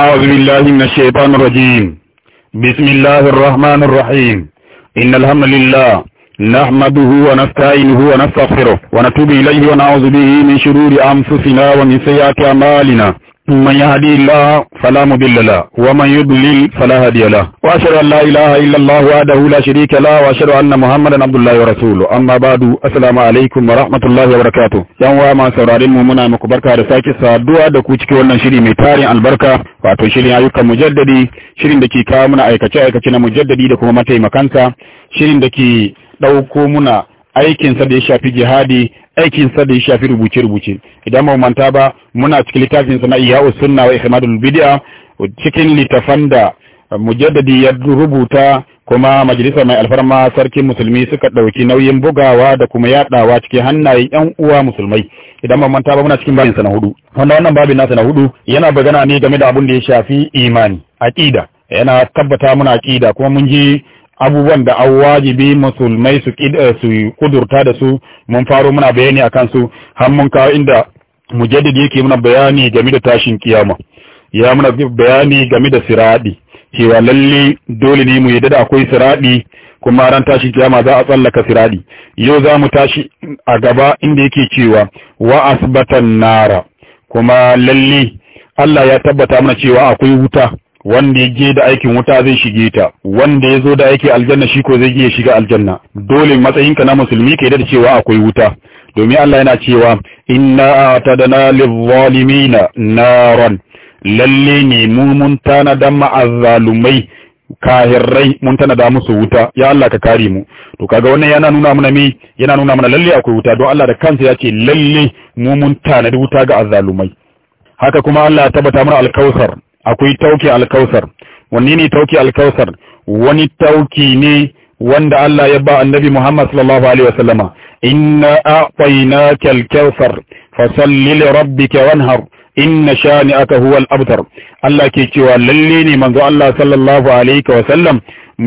أعوذ بالله من الشيطان الرجيم بسم الله الرحمن الرحيم إن الحمد لله نحمده ونستعينه ونستغفره ونتوب إليه ونعوذ به من شرور أنفسنا ومن سيئات أعمالنا من يهدي الله فلا مضل له ومن يضلل فلا هادي له واشهد ان لا اله الا الله وحده لا شريك له واشهد ان محمدا عبد الله ورسوله اما بعد السلام عليكم ورحمه الله وبركاته yan wa ma saurarin mu muna muku barka da sake saduwa da ku cikin wannan shiri mai tarin albarka wato shirin ayyukan mujaddadi shirin da ke kawo muna aikace aikace na mujaddadi da kuma mataimakansa shirin da ke dauko muna aikinsa da ya shafi jihadi aikinsa da ya shafi rubuce-rubuce idan ba manta ba muna cikin littafinsa na iya sunna wa ihmadul bid'a cikin littafan da mujaddadi ya rubuta kuma majalisar mai alfarma sarkin musulmi suka ɗauki nauyin bugawa da kuma yaɗawa cikin hannayen yan uwa musulmai idan ban manta ba muna cikin babin na hudu wanda wannan babin nasa na hudu yana bagana ne game da abin da ya shafi imani aqida yana tabbata muna aqida kuma mun ji abubuwan da an wajibi musulmai eh, su kudurta da su mun faro muna bayani a kansu har mun kawo inda mujaddid yake muna bayani game da tashin kiyama ya muna bayani game da siradi cewa lalle dole ne mu yadda da akwai siradi kuma ran tashin kiyama za a tsallaka siradi yau za mu tashi a gaba inda yake cewa wa asbatan nara kuma lalle Allah ya tabbata mana cewa akwai wuta wanda ya je da aikin wuta zai shige ta wanda ya zo da aiki aljanna shi ko zai ya shiga aljanna dole matsayinka na musulmi ka da cewa akwai wuta domin Allah yana cewa inna atadna lizzalimina naran lalle ne mu mun tana dan ma'azzalumai kahirrai mun tana musu wuta ya Allah ka kare mu to kaga wannan yana nuna mana me yana nuna mana lalle akwai wuta don Allah da kansa ya ce lalle mu mun tana wuta ga azzalumai haka kuma Allah ya tabbata mana alkausar akwai tauki alkausar wani ne tauki alkausar wani tauki ne wanda Allah ya ba annabi Muhammad sallallahu alaihi wasallama inna a'tainaka al-kawthar fasalli li rabbika wanhar inna shani'aka huwal abtar Allah ke cewa lalle ne manzo Allah sallallahu alaihi wasallam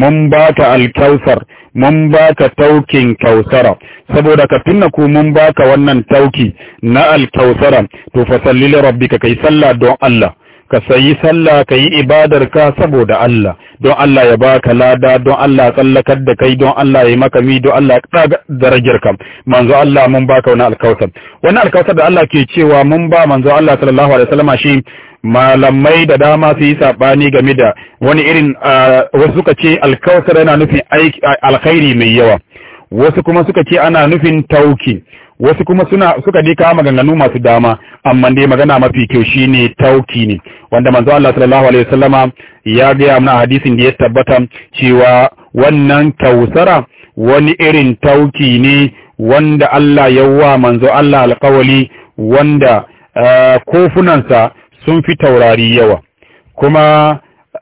mun baka alkausar mun baka taukin kausara saboda ka tunna ku mun baka wannan tauki na alkausara to fasalli li rabbika kai sallah don Allah ka sayi sallah ka yi ibadarka saboda Allah don Allah ya baka lada don Allah tsallakar da kai don Allah ya maka mi don Allah ya darajar ka manzo Allah mun baka wani alkautar wani alkautar da Allah ke cewa mun ba manzo Allah sallallahu alaihi wasallam shi malamai da dama su yi sabani game da wani irin wasu suka ce alkautar yana nufin alkhairi mai yawa wasu kuma suka ce ana nufin tauki wasu kuma suna suka dai kawo maganganu masu dama amma dai magana mafi kyau shine tauki ne wanda manzo Allah sallallahu alaihi wasallama ya ga mana hadisin da ya tabbata cewa wannan tausara, wani irin tauki ne wanda Allah ya wa manzo Allah alƙawali wanda eh, kofunansa sun fi taurari yawa kuma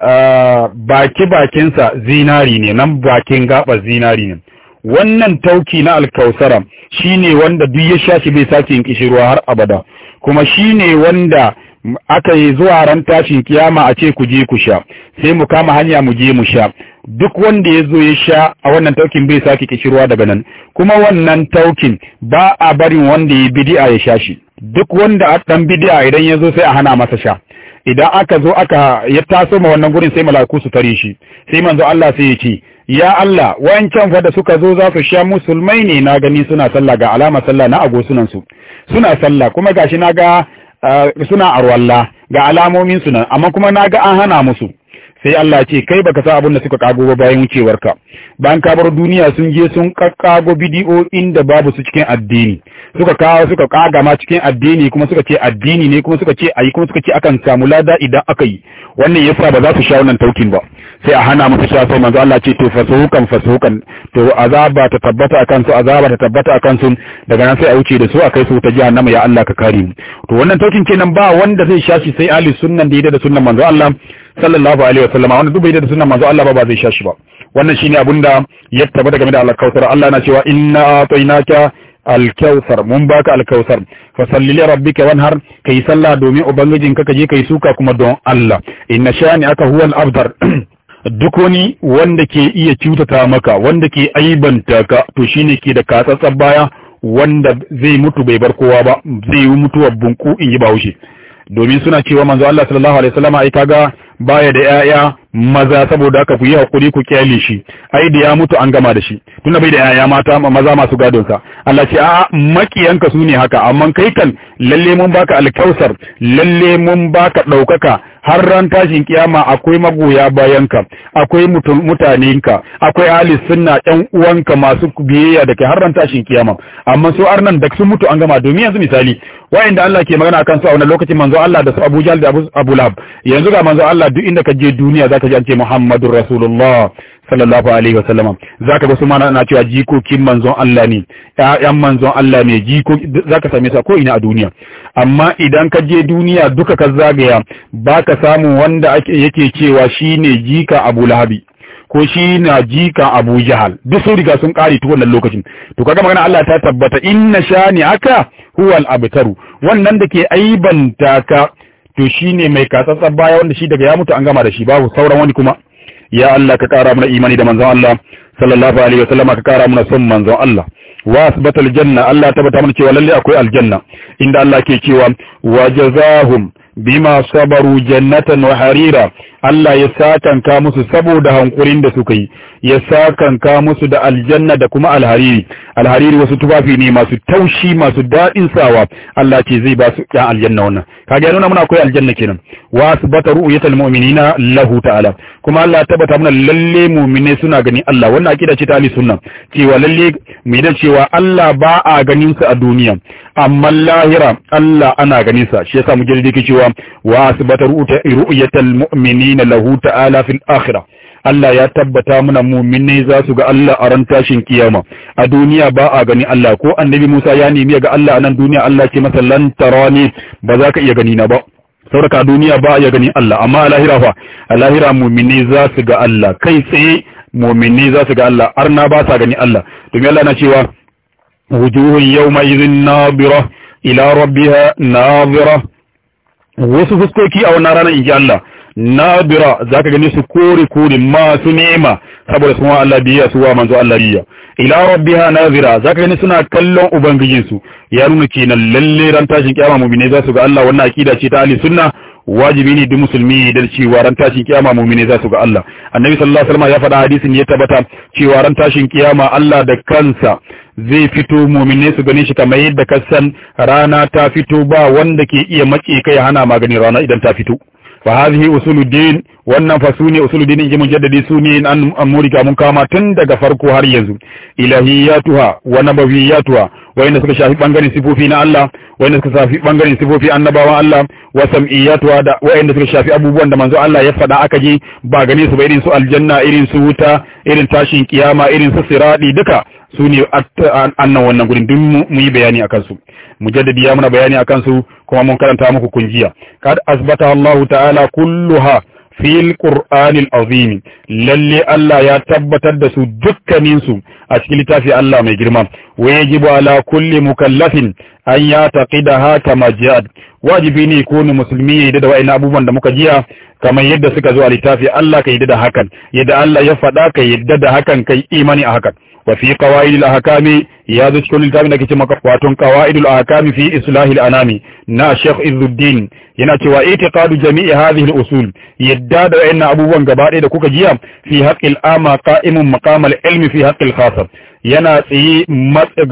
eh, baki bakinsa zinari ne nan bakin gaba zinari ne wannan tauki na alkausara shi ne wanda duk ya sha shi bai sake yin kishirwa har abada kuma shi ne wanda aka yi zuwa ran tashin kiyama a ce ku je ku sha sai mu kama hanya mu je mu sha duk wanda ya zo ya sha a wannan taukin bai sake kishirwa daga nan kuma wannan taukin ba a barin wanda ya bidi'a ya sha shi duk wanda a ɗan bidi'a idan ya zo sai a hana masa sha idan aka zo aka ya taso ma wannan gurin sai malaku su tare shi sai manzo Allah sai ya ce ya Allah wancan fa da suka zo za su sha musulmai ne na gani suna sallah ga alama sallah na agosunan su suna sallah kuma gashi na ga eh, suna arwalla ga alamomin su nan amma kuma na ga an hana musu sai Allah ce kai baka sa abin da suka kago ba bayan wucewarka bayan ka bar duniya sun je sun kakkago bidiyo inda babu su cikin addini suka kawo suka kaga ma cikin addini kuma suka ce addini ne kuma suka ce ayi kuma suka ce akan samu lada idan aka yi wannan yasa ba za su sha wannan taukin ba sai a hana musu sha sai manzo Allah ce to fasuhukan fasuhukan to azaba ta tabbata akan su azaba ta tabbata akan su daga nan sai a wuce da su akai su ta jahannama ya Allah ka kare mu to wannan taukin kenan ba wanda zai sha shi sai ahli sunnan da yadda da sunnan manzo Allah sallallahu alaihi wasallam wanda duk bai da sunnan manzo Allah ba ba zai sha shi ba wannan shine abinda ya tabbata game da al-kautsar Allah na cewa inna atainaka alkausar mun baka alkausar fa salli li rabbika wanhar kai sallah domin ubangijinka kaje kai suka kuma don Allah inna shani aka huwal abdar duk wani wanda ke iya cutata maka wanda ke aibanta ka to shine ke da katsatsan baya wanda zai mutu bai bar kowa ba zai yi mutuwar bunku in yi bahaushe domin suna cewa manzo Allah sallallahu alaihi wasallam ai kaga baya da 'ya'ya maza saboda aka fi yi hakuri ku kyale shi ai da ya mutu an gama da shi da bai da yaya mata maza masu gadon sa Allah ce a makiyanka su ne haka amma kai kan lalle mun baka alkausar lalle mun baka daukaka har ran tashin kiyama akwai magoya bayanka akwai mutanenka akwai ahli sunna ɗan uwanka masu biyayya da kai har ran tashin kiyama amma su arnan da sun mutu an gama domin yanzu misali wa'inda Allah ke magana akan su a wannan lokacin manzo Allah da su Abu Jahl da Abu Lahab yanzu ga manzo Allah duk inda ka je duniya za ka ji an ce Muhammadur Rasulullah sallallahu alaihi wa sallam za ka ga su mana na cewa jikokin manzon Allah ne ƴaƴan manzon Allah ne jiko za ka same su ko ina a duniya amma idan ka je duniya duka ka zagaya ba ka samu wanda ake yake cewa shine jika Abu Lahabi ko shi na jika Abu Jahal duk sun riga sun kare tu na lokacin to kaga magana Allah ta tabbata inna shani aka huwal abtaru wannan da ke aibanta ka to ne mai katsatsa baya wanda shi daga ya mutu an gama da shi babu sauran wani kuma ya Allah ka kara mana imani da manzon Allah sallallahu alaihi wasallam ka kara mana son manzon Allah wa janna Allah tabbata mana cewa lalle akwai aljanna inda Allah ke cewa wa jazahum bima sabaru jannatan wa harira Allah ya sakanka musu saboda hankurin da suka yi ya sakanka musu da aljanna da kuma alhariri alhariri wasu tufafi ne masu taushi masu daɗin sawa Allah ce zai ba su ɗan aljanna wannan kaga ya nuna muna akwai aljanna kenan wa asbata ru'yatal mu'minina lahu ta'ala kuma Allah tabbata muna lalle mu'mine suna gani Allah wannan akida ce ta ali sunna cewa lalle mu yi cewa Allah ba a ganin sa a duniya amma lahira Allah ana ganin sa shi yasa mu jirgi cewa wa asbata ru'yatal mu'minina lahu ta'ala fil akhirah Allah ya tabbata mana muminai za su ga Allah a ran tashin kiyama a duniya ba a gani Allah ko annabi Musa ya nemi ga Allah a nan duniya Allah ce masa lan tarani ba za ka iya gani na ba sauraka duniya ba ya gani Allah amma a lahira fa a lahira za su ga Allah kai tsaye mumini za su ga Allah arna ba sa gani Allah domin Allah na cewa wujuhun yawma idhin nadira ila rabbiha nadira wasu fuskoki a wannan ranar inji Allah nabira zaka gani su kore kore masu nema saboda sun Allah biya su wa manzo Allah biya ila rabbiha nazira zaka gani suna kallon ubangijin su ya nuna kenan lalle ran tashin kiyama mu'mine za su ga Allah wannan akida ce ta Ali sunna wajibi ne duk musulmi dan cewa ran tashin kiyama mu'mine za su ga Allah annabi sallallahu alaihi wasallam ya faɗa hadisin ya tabbata cewa ran tashin kiyama Allah da kansa zai fito mu'mini su gane shi kamar yadda kasan rana ta fito ba wanda ke iya mace kai hana maganin rana idan ta fito fa hadhihi usuluddin wannan fa sune usuluddin inji mujaddadi sune an amurika mun kama tun daga farko har yanzu ilahiyatuha wa nabawiyatuha wayanda suka shafi bangaren sifofi na Allah wayanda suka shafi bangaren sifofi annabawan Allah wa sam'iyatuwa da wayanda suka shafi abubuwan da manzo Allah ya faɗa aka ji ba gane su ba irin su aljanna irin su wuta irin tashin kiyama irin su siradi duka su ne annan wannan gurin duk mu yi bayani akan su mujaddadi ya muna bayani akan su kuma mun karanta muku kunjiya kad asbata Allah ta'ala kulluha fil qur'anil azim lalle Allah ya tabbatar da su dukkanin su a cikin littafi Allah mai girma wa yajibu ala kulli mukallafin an ya taqida ha jihad wajibi ne ko ne musulmi ya yi da wa'in abubuwan da muka jiya kamar yadda suka zo a littafi Allah ka yi da hakan yadda Allah ya faɗa ka yadda da hakan kai imani a hakan wa fi qawaidil ahkami ya zo cikin littafin da ke ce maka waton qawaidul ahkam fi islahil anami na Sheikh Izzuddin yana cewa i'tiqadu jami'i hadhihi al-usul yadda da wayannan abubuwan gabaɗaya da kuka jiya fi haqqil ama qa'imun maqamal ilmi fi haqqil khasab yana tsaye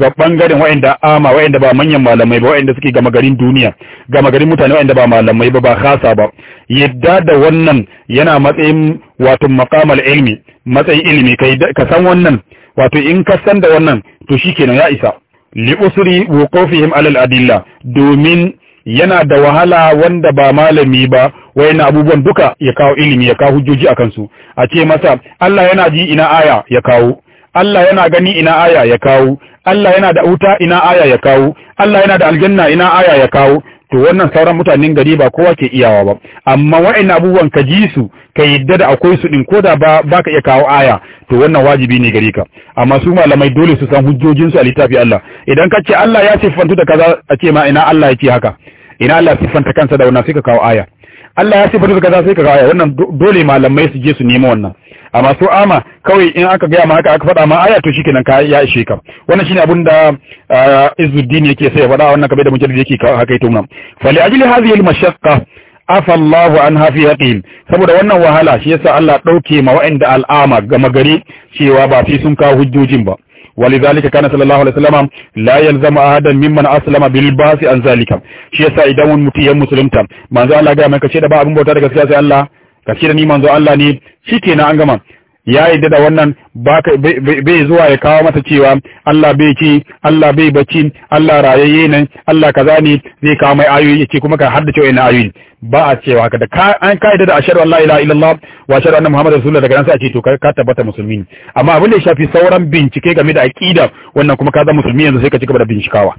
ga bangaren wayanda ama wayanda ba manyan malamai ba wayanda suke gama garin duniya gama garin mutane wayanda ba malamai ba ba khasa ba yadda da wannan yana matsayin wato maqamal ilmi matsayin ilmi ka san wannan wato in ka san da wannan to shi kenan ya isa li usri wuqufihim alal adilla domin yana da wahala wanda ba malami ba wai na abubuwan duka ya kawo ilimi ya kawo hujjoji a kansu a ce masa Allah yana ji ina aya ya kawo Allah yana gani ina aya ya kawo Allah yana da wuta ina aya ya kawo Allah yana da aljanna ina aya ya kawo to wannan sauran mutanen gari ba kowa ke iyawa ba amma wa'annan abubuwan ka ji su ka yadda da akwai su din koda ba baka iya kawo aya to wannan wajibi ne gari ka amma su malamai dole su san hujjojin su a littafi Allah idan ka ce Allah ya siffantu da kaza a ce ma ina Allah ya haka ina Allah siffanta kansa da wannan sai ka kawo aya Allah ya ce bari kaza sai ka ga wannan dole malamai su je su nemi wannan a masu ama kawai in aka gaya ma haka aka faɗa ma aya to shikenan ka ya ishe ka wannan shine abin da ah, izuddin yake sai ya faɗa wannan kabe da mujaddid yake haka ita nan fa li ajli hadhihi al mashaqqa afa Allah anha fi yaqin saboda wannan wahala shi yasa Allah dauke ma wa'anda al'ama ga magari cewa ba fi sun kawo hujjojin ba ولذلك كان صلى الله عليه وسلم لا يلزم احدا ممن اسلم بالباس عن ذلك shi yasa idan wani ya musulunta manzo Allah ga mai kace da ba abin bauta da gaskiya sai Allah kace da ni manzo Allah ne shikenan an gama ya yi da wannan bai zuwa ya kawo mata cewa Allah bai ci Allah bai bacci Allah rayayye nan Allah kaza ne zai kawo mai ayoyi ce kuma ka haddace wayannan ayoyi ba a cewa haka da an ka yadda da ashhadu Allah la ilaha wa ashhadu anna Muhammadu rasulullah daga nan sai a ce to ka tabbata musulmi amma abin da ya shafi sauran bincike game da aqida wannan kuma ka zama musulmi yanzu sai ka ci gaba da bincikawa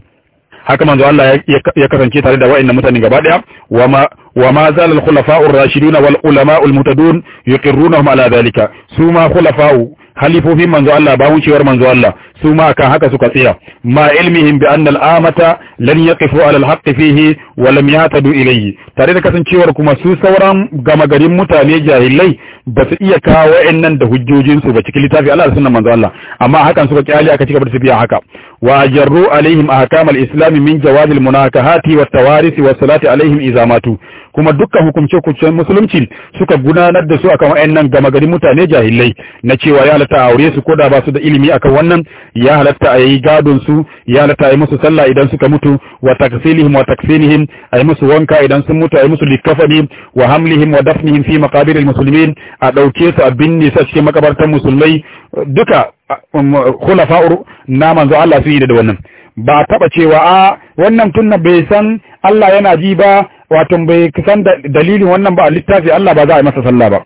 haka manzo Allah ya kasance tare da wa'annan mutane gaba daya wa wama zal al khulafa'u ar-rashidun wal ulama'u mutadun yuqirrunahum ala dhalika suma khulafa'u halifofin manzo Allah ba wucewar manzo Allah suma kan haka suka tsaya ma ilmihim bi anna al-amata lan yaqifu ala al-haqq fihi walam ya tadu ilayhi tare da kasancewar kuma su sauran gama garin mutane jahilai ba su iya kawo wa'annan da hujjojinsu ba cikin littafi Allah da sunnan manzo Allah amma hakan suka kyale aka cigaba da tafiya haka wa jarru alaihim ahkam al-islam min jawaz al-munakahati wa tawarith wa salati alaihim idza kuma dukkan hukumce kucen musulunci suka gudanar da su akan wa'annan gama garin mutane jahilai na cewa ya halatta aure su koda ba su da ilimi akan wannan ya halatta yi gadon su ya halatta yi musu sallah idan suka mutu wa taksilihim wa taksilihim a yi musu wanka idan sun mutu a yi musu likafani wa hamlihim wa dafnihim fi maqabiril muslimin a dauke su a binne su a cikin makabartan musulmai duka um, khulafa'ur na manzo Allah su yi da wannan ba taba cewa a wannan tunna bai san Allah yana ji ba wato bai san dalilin wannan ba a littafi Allah ba za a yi masa sallah ba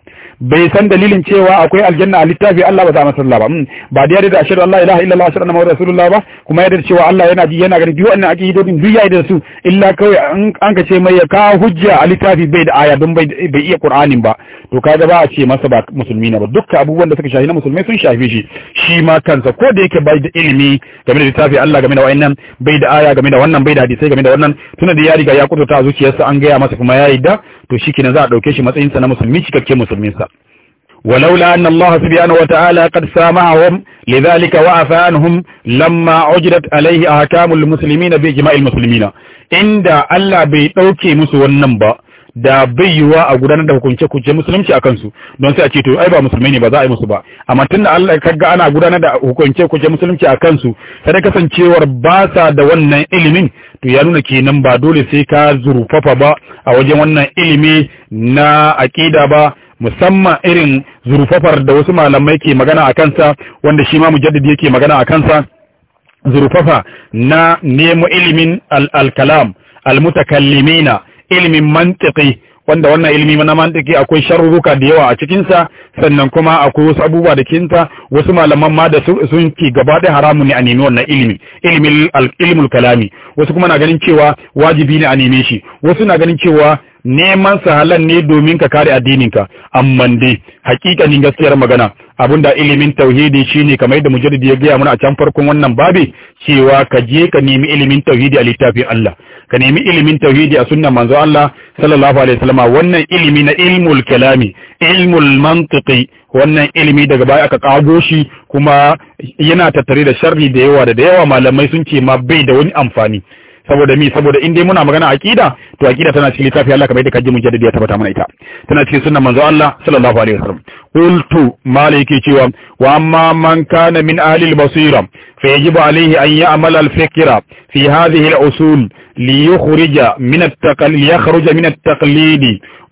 bai san dalilin cewa akwai aljanna a littafi Allah ba za a yi masa sallah ba hmm. ba da yadda da ashhadu an la ilaha illallah ashhadu anna muhammadar rasulullah ba kuma yadda cewa Allah yana ji yana gani duk wannan yi duk yayi da su illa kawai an ka ce mai ya kawo hujja a littafi bai da aya don bai iya qur'anin ba to kaga ba a ce masa ba musulmi na ba dukkan abubuwan da suka shafi na musulmai sun shafi shi shi ma kansa ko da yake bai da ilimi game da littafi Allah game da wayannan bai da aya game da wannan bai da hadisi game da wannan tunda da ya riga ya kuturta a zuciyarsa an gaya masa kuma ya yadda to shikenan za a dauke shi matsayin sa na musulmi cikakken musulmin sa ولولا أن الله سبحانه وتعالى قد سامعهم لذلك وعفى عنهم لما عجرت عليه أحكام المسلمين بإجماع المسلمين عند الله بيتوكي مسوى النمبر da bai yiwa a gudanar da hukunce hukunce musulunci a kansu don sai a ce to ai ba musulmai ne ba za a yi musu ba amma da Allah ga ana gudanar da hukunce hukunce musulunci a kansu sai kasancewar ba sa da wannan ilimin to ya nuna kenan ba dole sai ka zurfafa ba a wajen wannan ilimi na aqida ba musamman irin zurfafar da wasu malamai ke magana a kansa wanda shi ma mujaddid yake magana a kansa zurfafa na nemo ilimin al-kalam al-mutakallimina al ilimin mantiki wanda wannan ilimi na mantiki akwai sharruka da yawa a cikinsa sannan kuma akwai wasu abubuwa da kinta wasu malaman ma da sun ke gaba da haramu ne a nemi wannan ilimi ilimin kalami wasu kuma na ganin cewa wajibi ne a neme shi wasu na ganin cewa neman sahalan ne domin ka kare addininka amma dai hakikanin gaskiyar magana abin da ilimin tauhidi shine kamar yadda mujaddid ya gaya mana a can farkon wannan babi cewa ka je ka nemi ilimin tauhidi a littafin Allah ka nemi ilimin tauhidi a sunnan manzo Allah sallallahu alaihi wasallam wannan ilimi na ilmul kalami ilmul mantiqi wannan ilimi daga baya aka kago shi kuma yana tattare da sharri da yawa da yawa malamai sun ce ma bai da wani amfani saboda mi saboda in dai muna magana aqida to aqida tana cikin littafin Allah kamar yadda kaji mun jaddada ya tabbata mana ita tana cikin sunnan manzo Allah sallallahu alaihi wasallam qultu maliki cewa wa amma man kana min ahli al-basira fa yajibu alayhi an ya'mala al-fikra fi hadhihi al-usul li yukhrija min at-taqal yakhruja min at-taqlid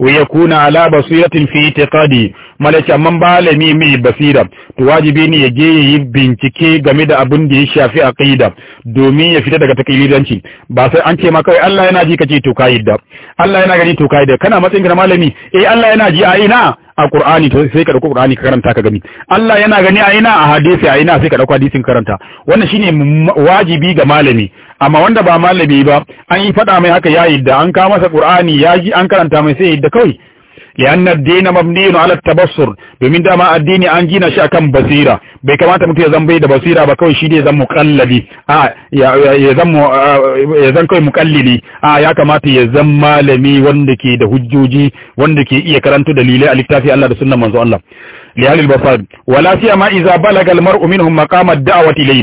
wa yakuna ala basiratin fi i'tiqadi malaka man balami mai basira to wajibi ne yaje yi bincike game da abin da ya shafi aqida domin ya fita daga taklidanci ba sai an ce ma kai Allah yana ji kace to Allah yana gani to kana matsayin malami eh Allah yana ji a ina a Qur'ani to sai ka dauko Qur'ani ka karanta ka gani Allah yana gani a ina a hadisi a ina sai ka dauko hadisin karanta wannan shine wajibi ga malami amma wanda ba malami ba an yi faɗa mai haka yayi da an ka masa Qur'ani ya ji an karanta mai sai yadda kawai li'anna ad-din mabniun ala domin dama addini an gina shi akan basira bai kamata mutum ya zan bai da basira ba kawai shi ne zan a ya zan ya zan ya kamata ya zan malami wanda ke da hujjoji wanda ke iya karanto dalilai a littafi Allah da sunnan manzo Allah li ahli al-basad wala siyama idza balaga al-mar'u minhum maqam ad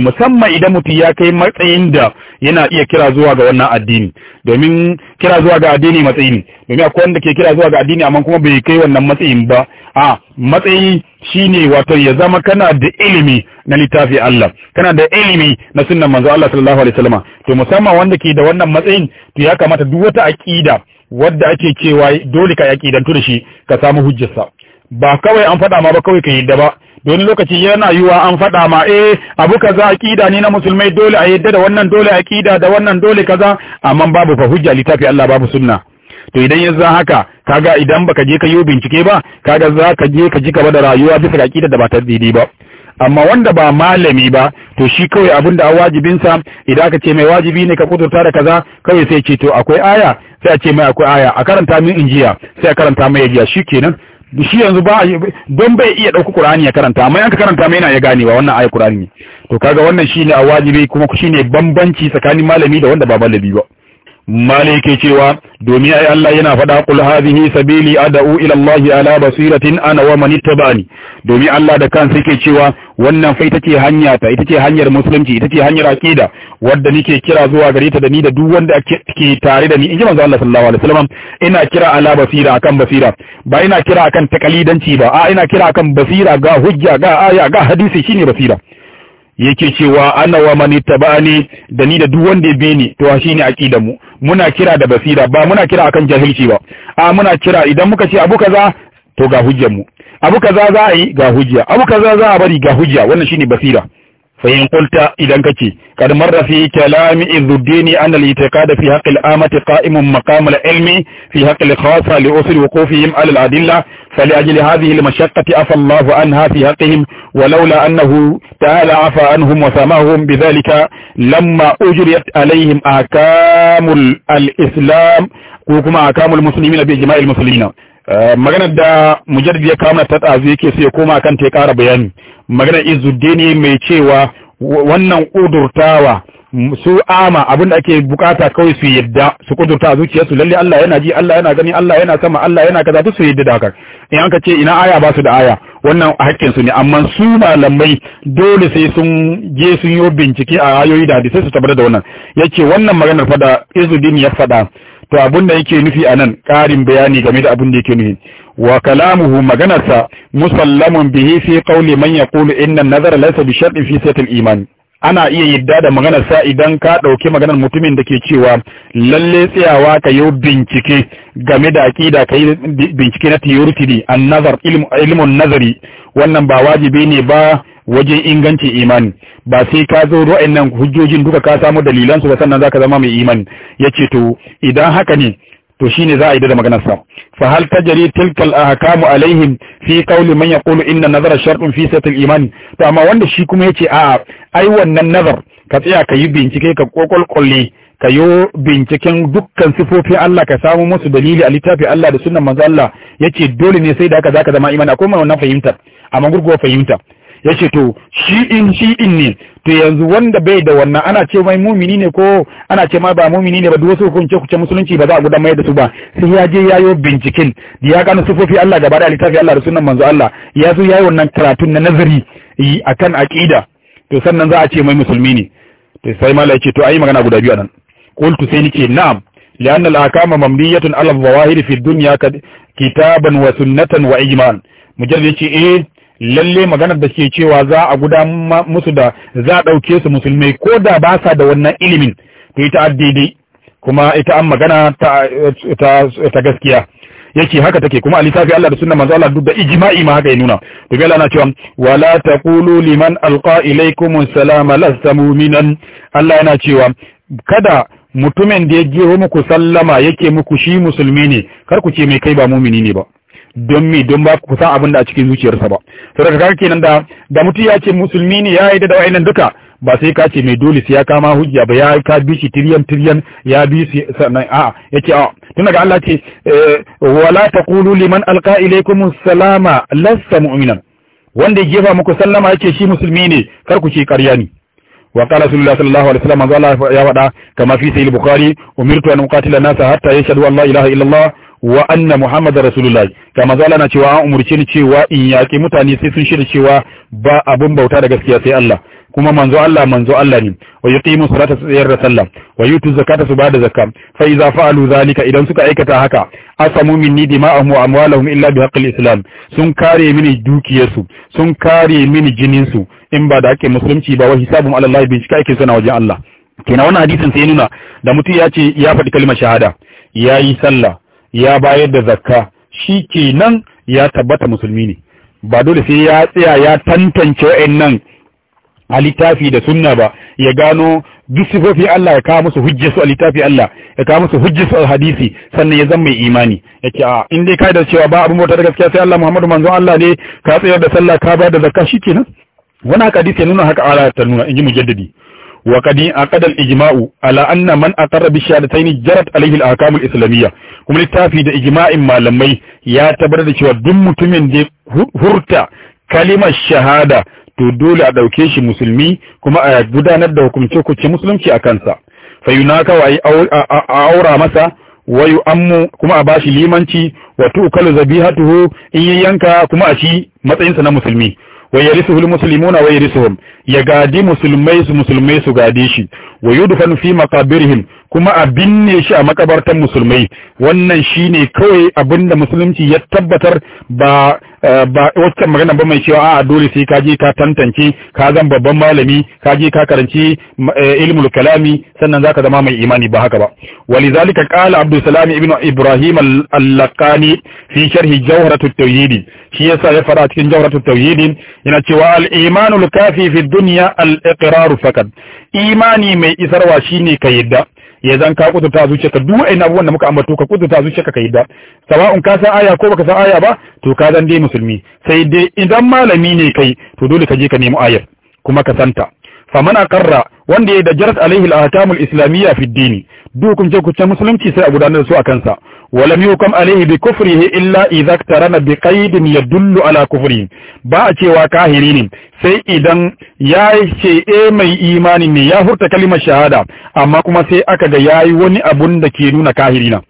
musamman idan mutum ya kai matsayin da yana iya kira zuwa ga wannan addini domin kira zuwa ga addini matsayi domin wanda ke kira zuwa ga addini amma kuma bai kai wannan matsayin ba a matsayi shine wato ya zama kana da ilimi na littafi Allah kana da ilimi na sunnan manzo Allah sallallahu to musamman wanda ke da wannan matsayin to ya kamata duk wata aqida wadda ake cewa dole ka yaƙi don da shi ka samu hujjarsa ba kawai an faɗa ma ba kawai ka yadda ba don lokaci yana yiwa an faɗa ma eh abu kaza aqida ni na musulmai dole a yadda da wannan dole aqida da wannan dole kaza amma babu fa hujja littafi Allah babu sunna to idan yanzu haka kaga idan baka je ka yi bincike ba kaga za ka je ka ji gaba da rayuwa bisa ga aqida da ba ta didi ba amma wanda ba malami ba to shi kawai abin da wajibin sa idan aka ce mai wajibi ne ka kudurta da kaza kawai sai ce to akwai aya sai a ce mai akwai aya a karanta min injiya sai a karanta mai injiya shikenan shi yanzu ba don bai iya ɗauki ƙur'ani ya karanta amma yanka ka karanta mai yana ya ganewa wannan ayat ƙur'ani to kaga wannan shine a wajibi kuma shine bambanci tsakanin malami da wanda ba malami ba malai ke cewa domin ai Allah yana faɗa qul hadhihi sabili ad'u ila Allah ala basiratin ana wa man domin Allah da kansa yake cewa wannan fa ita ce hanya ta ita ce hanyar musulunci ita ce hanyar akida wadda nike kira zuwa gare ta da ni da duk wanda ke tare da ni inji manzo Allah sallallahu alaihi wasallam ina kira ala basira akan basira ba ina kira akan takalidanci ba a ina kira akan basira ga hujja ga aya ga hadisi shine basira yake cewa ana wa mani tabani da ni da duk wanda ya bi ni to shine aqidar mu muna kira da basira ba muna kira akan jahilci ba a muna kira idan muka ce abu kaza to ga hujjar mu abu kaza za a yi ga hujja abu kaza za a bari ga hujja wannan shine basira فإن قلت إذا كتي قد مر في كلام الدين أن الاعتقاد في حق الآمة قائم مقام العلم في حق الخاصة لأصل وقوفهم على الأدلة فلأجل هذه المشقة عفى الله عنها في حقهم ولولا أنه تعالى عفى عنهم وسماهم بذلك لما أجريت عليهم أحكام الإسلام وكما أحكام المسلمين بإجماع المسلمين Eh, maganar da mujaddid ya kama ta tsazu yake sai ya koma kan ta ya kara bayani maganar izuddini mai cewa wannan kudurtawa su ama abin da ake bukata kawai su yadda su kudurta a zuciyarsu lalle Allah yana ji Allah yana gani Allah yana sama Allah yana kaza duk su yadda da haka in an ce ina aya ba su da aya wannan hakkin su ne amma su malamai dole sai sun je sun yi bincike a ayoyi da hadisi su tabbatar da wannan yace wannan maganar fada Izudin ya fada to abun da yake nufi anan ƙarin bayani game da abun da yake nufi wa kalamuhu maganarsa musallamun bihi fi qawli man yaqulu inna an-nazara laysa bi shartin fi satil iman ana iya yadda da maganarsa idan ka ɗauki maganar mutumin da ke cewa lalle tsayawa ka yi bincike game da aƙida ka yi bincike na theory an nazar ilimin nazari wannan ba wajibi ne ba wajen inganci imani ba sai ka zo ru'ayin nan hujjojin duka ka samu dalilansu ba sannan zaka zama mai imani yace to idan haka ne to shine za a yi da maganar sa fa hal tajri tilkal ahkamu alaihim fi qawli man yaqulu inna nazara shartun fi satil imani to amma wanda shi kuma yace a ai wannan nazar ka tsaya ka yi bincike ka kokolkolle ka yi binciken dukkan sifofin Allah ka samu musu dalili a littafi Allah da sunan manzo Allah yace dole ne sai da haka zaka zama imani akwai wannan fahimta amma gurguwa fahimta ya ce to shi in shi in ne to yanzu wanda bai da wannan ana ce mai mumini ne ko ana ce ma ba mumini ne ba duk wasu hukunce kuce musulunci ba za a gudan mai da su ba sai ya je yayo binciken da ya gano sufofi Allah gaba da littafi Allah da sunan manzo Allah ya zo yayi wannan karatun na nazari akan aqida to sannan za a ce mai musulmi ne to sai mala ya ce to ayi magana guda biyu anan qultu sai nake na'am لأن الأحكام مبنية على الظواهر في الدنيا كتابا وسنة وإجمال مجرد يقول إيه lalle maganar da ke cewa za a guda musu da za a ɗauke su musulmai ko da ba sa da wannan ilimin da ita daidai kuma ita an magana ta gaskiya yake haka take kuma a fi Allah da sunna manzo duk da ijma'i ma haka ya nuna to bai cewa wala taqulu liman alqa ilaykum salama lasta mu'minan Allah yana cewa kada mutumin da ya je muku sallama yake muku shi musulmi ne kar ku ce mai kai ba mu'mini ne ba don me don ba ku san abin da a cikin zuciyarsa ba saboda kaga kenan da da mutum ya ce musulmi ne ya yi da wa'annan duka ba sai ka ce mai dole sai ya kama hujja ba ya ka bi shi tiryan tiryan ya bi shi sannan a yace a tun daga Allah ce eh, wala taqulu liman alqa ilaykum salama lasta mu'minan wanda ya jefa muku sallama yace shi musulmi ne kar ku ce ƙarya ne wa qala sallallahu alaihi wa sallam وسلم ya wada kama fi في bukhari umirtu an uqatila nasa hatta yashhadu an la ilaha اله wa anna muhammadar rasulullahi ga mazala na cewa an umurce ni cewa in yaƙi mutane sai sun shirya cewa ba abin bauta da gaskiya sai Allah kuma manzo Allah manzo Allah ne wa yuqimu salata tsayar da sallah wa yutu zakata su bada zakka fa a fa'alu zalika idan suka aikata haka asamu minni dima'ahum wa amwalahum illa bi haqqil islam sun kare mini dukiyarsu sun kare mini jinin su in ba da ake musulunci ba wa hisabum ala Allah bincika yake sana wajen Allah kenan wannan hadisin sai nuna da mutum ya ce ya faɗi kalmar shahada ya yi sallah ya bayar da zakka shi kenan ya tabbata musulmi ne ba dole sai ya tsaya ya tantance wa'annan a littafi da sunna ba ya gano duk sifofi Allah ya kawo musu hujjar su a littafi Allah ya kawo musu hujjar su a hadisi sannan ya zama mai imani yake a inda dai da cewa ba abin bauta da gaskiya sai Allah Muhammadu manzon Allah ne ka tsayar da sallah ka bayar da zakka shikenan wani haka hadisi ya nuna haka ala ta nuna in ji mu jaddadi. wa qadi aqada al-ijma'u ala anna man aqarra bi shahadatayn jarat alayhi al-ahkam al-islamiyya kuma littafi da ijma'in malamai ya tabbatar da cewa duk mutumin da hurta kalimar shahada to dole a dauke shi musulmi kuma a gudanar da hukunce-hukunce musulunci a kansa fayunaka wa aura masa wayu ammu kuma a bashi limanci wa tukalu zabihatuhu in yanka kuma a ci matsayinsa na musulmi wa yarisuhul muslimuna wa yarisuhum ya gadi musulmai su musulmai su gade shi wa yudfanu fi maqabirihim kuma a binne shi a makabartan musulmai wannan shine kawai abinda musulunci ya tabbatar ba Eh, ba wacce magana ba mai cewa a dole sai ka je ka tantance ka zan babban malami ka je ka karanci eh, ilmul kalami sannan zaka zama mai imani ba haka ba walizalika qala abdul salam ibn ibrahim al-laqani fi sharhi jawharat at-tauhid shi yasa ya fara cikin jawharat at-tauhid yana cewa al-iman al-kafi fi dunya al-iqrar fakat imani mai isarwa shine ka yadda ya zan ka kututa zuciyarka duk wa'annan abubuwan da muka ambato ka kututa zuciyarka ka yadda sawa'un ka san aya ko baka san aya ba to ka zan dai musulmi sai dai idan malami ne kai to dole ka je ka nemi ayar kuma ka santa mana aqarra wanda ya dajarat alaihi al-ahkam al-islamiyya fi ad-din dukun je ku musulunci sai a gudanar su akan sa walam yukam alaihi bi kufrihi illa idza tarana bi ya yadullu ala kufrihi ba a cewa kahiri ne sai idan ya ce eh mai imani ne ya hurta kalimar shahada amma kuma sai aka ga yayi wani abun da ke nuna kahiri na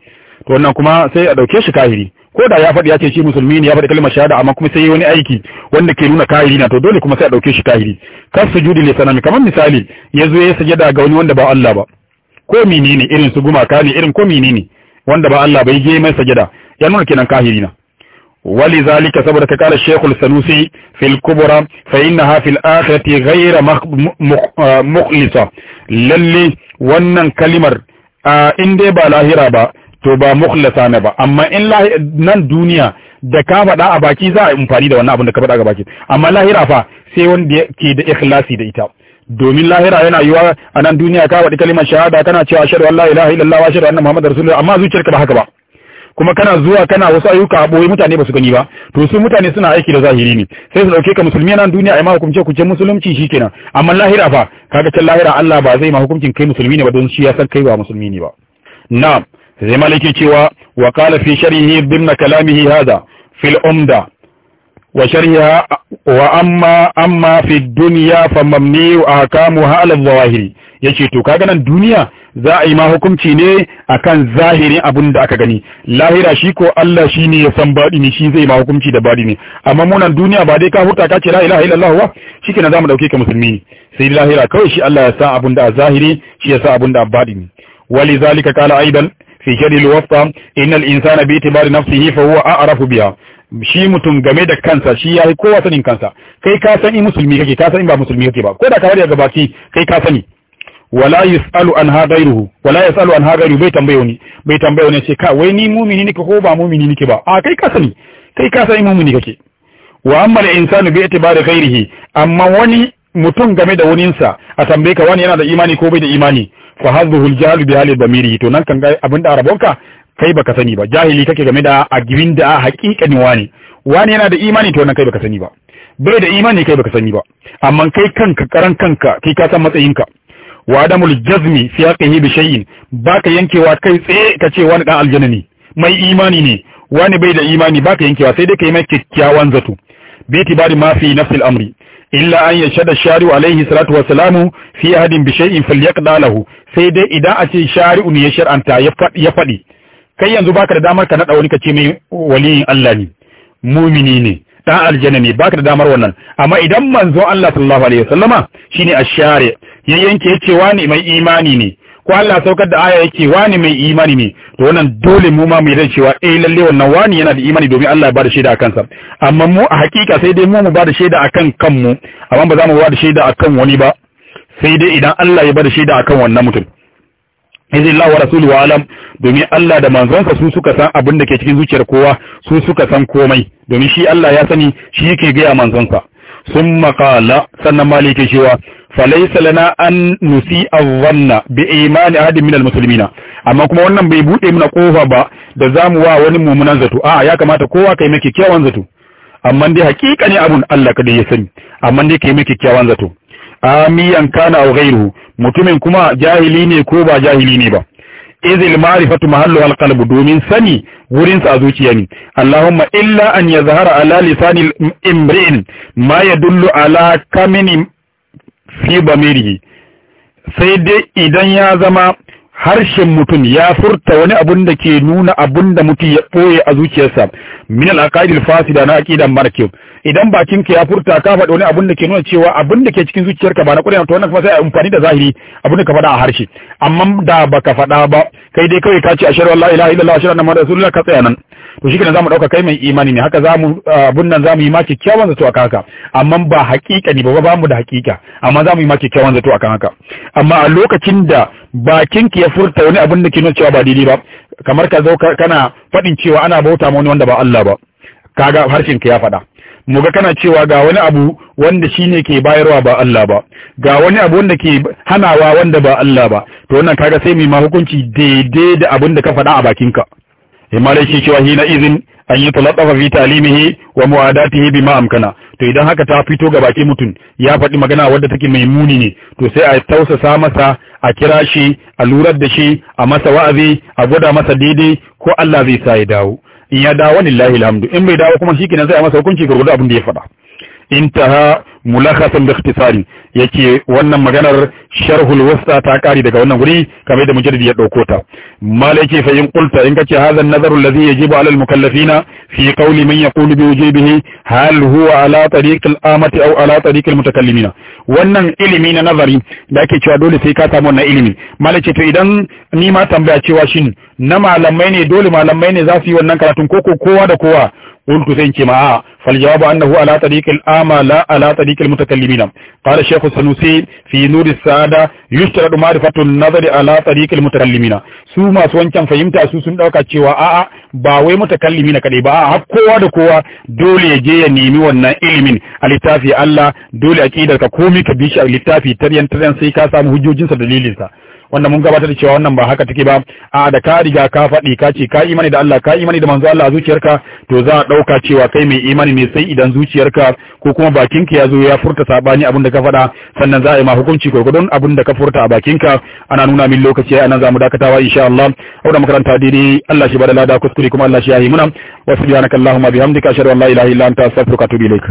to wannan kuma sai a dauke shi kahiri ko da ya faɗi ya ce shi musulmi ne ya faɗi kalmar shahada amma kuma sai wani aiki wanda ke nuna kahiri na to dole kuma sai a ɗauke shi kahiri kan sujudi li sanami kamar misali ya zo ya sajada ga wani wanda ba Allah ba ko menene irin su gumaka ne irin ko menene wanda ba Allah ba yi mai sajada ya nuna kenan kahiri na ولذلك سبب قال الشيخ السنوسي في الكبرى فإنها في الآخرة غير مخلصة للي ونن كلمر آه إن دي با لاهرة با to ba mukhlasa na ba amma in lahi nan duniya da ka faɗa a baki za a amfani da wannan abin da ka faɗa ga baki amma lahira fa sai wanda ke da ikhlasi da ita domin lahira yana yiwa a nan duniya ka faɗi kalimar shahada kana cewa ashhadu an la ilaha illallah wa ashhadu anna muhammadar rasulullah amma zuciyarka ba haka ba kuma kana zuwa kana wasu ayyuka a boye mutane ba su gani ba to su mutane suna aiki da zahiri ne sai su dauke ka musulmi nan duniya ai ma hukunce ku ce musulunci shikenan amma lahira fa kaga can lahira Allah ba zai ma hukuncin kai musulmi ne ba don shi ya san kai ba musulmi ne ba na'am sai maliki cewa wa qala fi sharhi dimna kalamihi hada fil umda wa sharhiha wa amma amma fi dunya fa mamni ahkamuha ala zawahiri yace to kaga nan duniya za a yi ma hukunci ne akan zahirin abin da aka gani lahira shi ko Allah shi ne ya san baɗi ne shi zai ma hukunci da baɗi ne amma nan duniya ba dai ka hurta ka ce la ilaha illallah wa shi kenan zamu dauke ka musulmi ne sai lahira kawai shi Allah ya san abin da a zahiri shi ya san abin da a baɗi ne wali zalika kala aidan fi shari wasta innal insana bi itibari nafsihi fa huwa a'rafu biha shi mutum game da kansa shi yayi kowa sanin kansa kai ka san in musulmi kake ka san in ba musulmi kake ba ko da ka wari daga baki kai ka sani wala yasalu an ha gairuhu wala yasalu an ha gairu bai tambaye wani bai tambaye wani ce ka wai ni mumini nake ko ba mumini nake ba a kai ka sani kai ka san in mumini kake wa amma al-insanu bi itibari ghairihi amma wani mutum game da wuninsa a tambaye ka wani yana da imani ko bai da imani fa hadhuhu al bi hali damiri to nan kan ga abinda arabonka kai baka sani ba jahili kake game da a abin da hakikani wani wani yana da imani to nan kai baka sani ba bai da imani kai baka sani ba amma kai kanka karan kanka kai ka san matsayinka wa adamul jazmi fi yaqihi bi shay'in baka yankewa kai tsaye kace wani dan aljanna ne mai imani ne wani bai da imani baka yankewa sai dai kai mai kikkiawan zato bi tibari ma fi nafsi al-amri illa an yashhada shari'u alaihi salatu wa salamu fi hadin bi shay'in falyaqda lahu sai dai idan a ce shari'un ya shar'anta ya faɗi kai yanzu baka da damar ka naɗa wani ka ce mai waliyin Allah ne mumini ne dan aljanna ne baka da damar wannan amma idan manzon Allah sallallahu alaihi wasallama shine ashari ya yanke cewa ne mai imani ne ko Allah saukar da aya yake wani mai imani ne to wannan dole mu ma mu yarda cewa eh lalle wannan wani yana da imani domin Allah ya bada shaida akan sa amma mu a hakika sai dai mu mu bada shaida akan kanmu amma ba za mu bada shaida akan wani ba sai dai idan Allah ya bada shaida akan wannan mutum izin Allah wa rasuluhu alam domin Allah da manzonsa su suka san abin da ke cikin zuciyar kowa su suka san komai domin shi Allah ya sani shi yake ga sa. sun makala sannan maliki cewa falai salana an nusi azzanna bi imani hadin minal na amma kuma wannan bai buɗe mana ƙofa ba da za zamu wa wani mummunan zato a ya kamata kowa ka yi mai kyakkyawan zato amma dai hakika ne abun Allah kada ya sani amma dai ka yi mai kyakkyawan zato amiyan kana aw ghairuhu mutumin kuma jahili ne ko ba jahili ne ba izil ma'rifatu mahallu alqalbu domin sani wurin sa zuciya ne allahumma illa an yazhara ala lisani imri'in ma yadullu ala kamini fi bamiri sai dai idan ya zama harshen mutum ya furta wani abun da ke nuna abun da mutum ya ɓoye a zuciyarsa min al-aqaidil fasida na aqidan marke kyau idan bakinka ya furta ka faɗa wani abun da ke nuna cewa abun da ke cikin zuciyarka ba na ƙurewa to wannan kuma sai a amfani da zahiri abun da ka faɗa a harshe amma da baka faɗa ba kai dai kawai ka ce ashhadu an la ilaha illallah ashhadu anna muhammadar rasulullah ka tsaya nan to shikenan zamu dauka kai mai imani ne haka zamu abun nan zamu yi ma kyakkyawan zato akan haka amma ba haƙiƙa ne ba ba mu da haƙiƙa amma zamu yi ma kyakkyawan zato akan haka amma a lokacin da bakinki ya furta wani abin da ke nuna cewa ba daidai ba kamar ka zo kana faɗin cewa ana bauta ma wani wanda ba Allah ba kaga ka ya faɗa mu ga kana cewa ga wani abu wanda shine ke bayarwa ba Allah ba ga wani abu wanda ke hanawa wanda ba Allah ba to wannan kaga sai mu ma hukunci daidai da abin da ka faɗa a bakinka imma dai shi cewa hina izin an yi talatafa fi talimihi wa mu'adatihi ma amkana to idan haka ta fito ga baki mutum ya faɗi magana wadda take mai muni ne to sai a tausasa masa a kira shi a lura da shi a masa wa'azi a gwada masa daidai ko Allah zai sa ya dawo in ya dawo lillahi alhamdu in bai dawo kuma shikenan sai a masa hukunci gurgudu abin da ya faɗa intaha mulakhasan da ikhtisari yake wannan maganar sharhul wasta ta kare daga wannan guri kamar da mujaddid ya dauko ta malaki fa in qulta in kace hadha an-nazaru alladhi yajibu 'ala al-mukallafina fi qawli man yaqulu bi wujubihi hal huwa 'ala tariq al-amati aw 'ala tariq al-mutakallimina wannan ilimi na nazari da ake cewa dole sai ka samu wannan ilimi malaki to idan ni ma tambaya cewa shin na malamai ne dole malamai ne za su yi wannan karatun koko kowa da kowa قلت سينك معها فالجواب أنه على طريق amala لا على طريق المتكلمين قال الشيخ السنوسي في نور السعادة يشترط معرفة النظر على طريق المتكلمين su masu wancan fahimta su sun dauka cewa a'a ba wai mutakallimi na kadai ba a'a kowa da kowa dole ya je ya nemi wannan ilimin a littafi Allah dole aqidar ka komai ka bi shi a littafi taryan taryan sai ka samu hujjojinsa dalilinsa wanda mun gabatar da cewa wannan ba haka take ba a da ka riga ka faɗi ka ce ka imani da Allah ka imani da manzo Allah a zuciyarka to za a ɗauka cewa kai mai imani ne sai idan zuciyarka ko kuma bakinka ya zo ya furta sabani abin da ka faɗa sannan za a yi ma hukunci gwargwadon abin da ka furta a bakinka ana nuna min lokaci ai anan za mu dakatawa insha Allah au da makaranta daidai Allah shi bada lada kuskure kuma Allah shi yayi muna wa ma bihamdika ashhadu an la ilaha illa anta astaghfiruka wa atubu ilaik